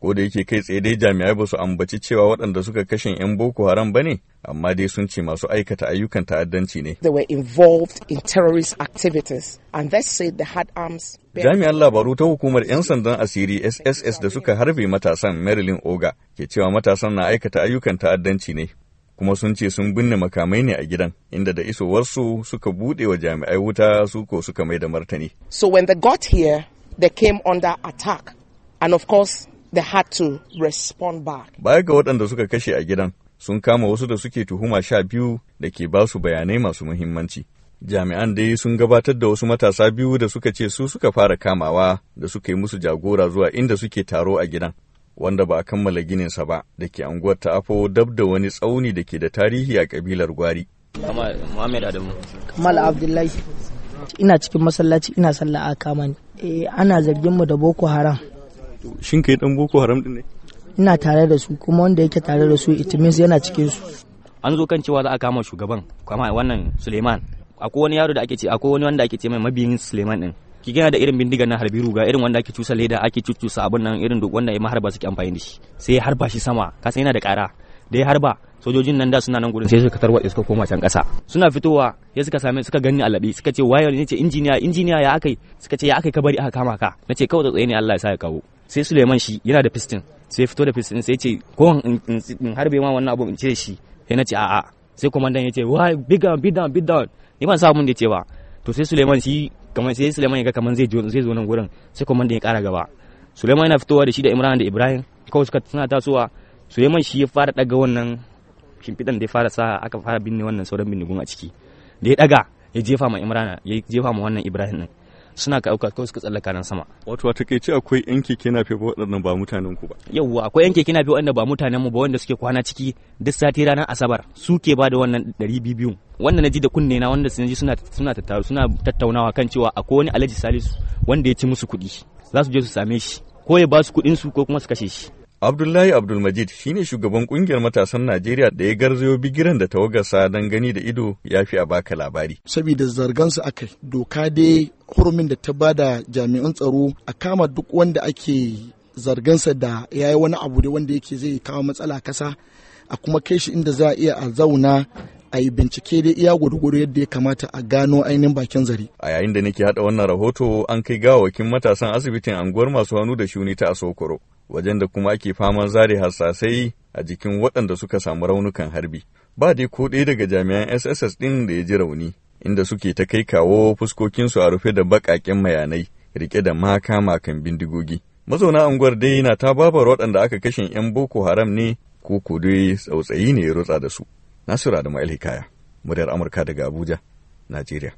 ko da yake kai tsaye dai jami'ai ba su ambaci cewa waɗanda suka kashe 'yan boko haram ba ne amma dai sun ce masu aikata ayyukan ta'addanci ne. They were involved in terrorist activities and that said they had arms. Jami'an labaru ta hukumar 'yan sandan asiri SSS da suka harbe matasan Marilyn Oga ke cewa matasan na aikata ayyukan ta'addanci ne. kuma sun ce sun binne makamai ne a gidan inda da isowarsu suka buɗe wa jami'ai wuta su ko suka mai da martani. So when they got here, they came under attack and of course they had to respond back. Baya ga waɗanda suka kashe a gidan, sun kama wasu da suke tuhuma sha biyu da ke ba su bayanai masu muhimmanci. Jami'an dai sun gabatar da wasu matasa biyu da suka ce su suka fara kamawa da suka yi musu jagora zuwa inda suke taro a gidan, wanda ba a kammala gininsa ba da ke anguwar afo dab da wani tsauni da ke da tarihi a kabilar Gwari. Muhammad Kamal Abdullahi. Ina cikin masallaci ina sallah a kamani. Eh, ana zargin mu da Boko Haram. Shin kai dan Boko Haram din ne? Ina tare da su kuma wanda yake tare da su it means yana cikin su. An zo kan cewa za a kama shugaban kuma wannan Suleiman. Akwai wani yaro da ake ce akwai wani wanda ake ce mai mabiyin Suleiman din. Ki gina da irin bindiga na harbi ruga irin wanda ake cusa leda ake cucusa abin nan irin duk wanda ya maharba suke amfani da shi. Sai ya harba shi sama kasan yana da kara. Da ya harba sojojin nan da suna nan gurin sai suka tarwatse suka koma can kasa suna fitowa ya suka same suka gani alabi suka ce waye ne ce injiniya injiniya ya akai suka ce ya akai ka bari aka kama ka nace kawai da tsaye ne Allah ya sa ya kawo sai Suleiman shi yana da fistin sai fito da fistin sai ce ko in harbe ma wannan abu in cire shi sai na ce a'a sai kwamandan ya ce why big down big down big down ni ban sa mun da ce ba to sai Suleiman shi kamar sai Suleiman ya ga kamar zai zai zo nan gurin sai kwamandan ya kara gaba Suleiman yana fitowa da shi da Imran da Ibrahim kawai suka suna tasowa Suleiman shi ya fara daga wannan shimfiɗan da ya fara sa aka fara binne wannan sauran bindigun a ciki da ya daga ya jefa ma Imran ya jefa ma wannan Ibrahim din suna ka auka kawai suka tsallaka nan sama wato a takaice akwai yan keke na fiye waɗannan ba mutanen ku ba yawwa akwai yan keke na fiye waɗanda ba mutanen mu ba wanda suke kwana ciki duk sati ranar asabar su ke ba da wannan ɗari biyu Wannan na ji da kunne na wanda sun ji suna suna tattaru suna tattaunawa kan cewa akwai wani alhaji salisu wanda ya ci musu kuɗi za su je su same shi ko ya ba su kuɗin su ko kuma su kashe shi Abdullahi Abdulmajid ne shugaban kungiyar matasan Najeriya da ya garzayo bigiran da tawagarsa don gani da ido ya fi a baka labari. Saboda zargansu aka doka dai hurumin da ta ba da jami'an tsaro a kama duk wanda ake zargansa da ya yi wani abu da wanda yake zai kawo matsala kasa a kuma kai shi inda za a iya a zauna a yi bincike dai iya gwargwaro yadda ya kamata a gano ainihin bakin zari. A yayin da nake haɗa wannan rahoto an kai gawakin matasan asibitin anguwar masu hannu da shuni ta Asokoro. wajen da kuma ake fama zare harsasai a jikin waɗanda suka samu raunukan harbi. Ba dai ko ɗaya daga jami'an SSS ɗin da ya ji rauni, inda suke ta kai kawo fuskokinsu a rufe da baƙaƙen mayanai, riƙe da maka makan bindigogi. Mazauna unguwar dai na ta babar waɗanda aka kashe 'yan Boko Haram ne ko ko dai tsautsayi ne ya rutsa da su. Nasiru Adamu Hikaya, muryar Amurka daga Abuja, Najeriya.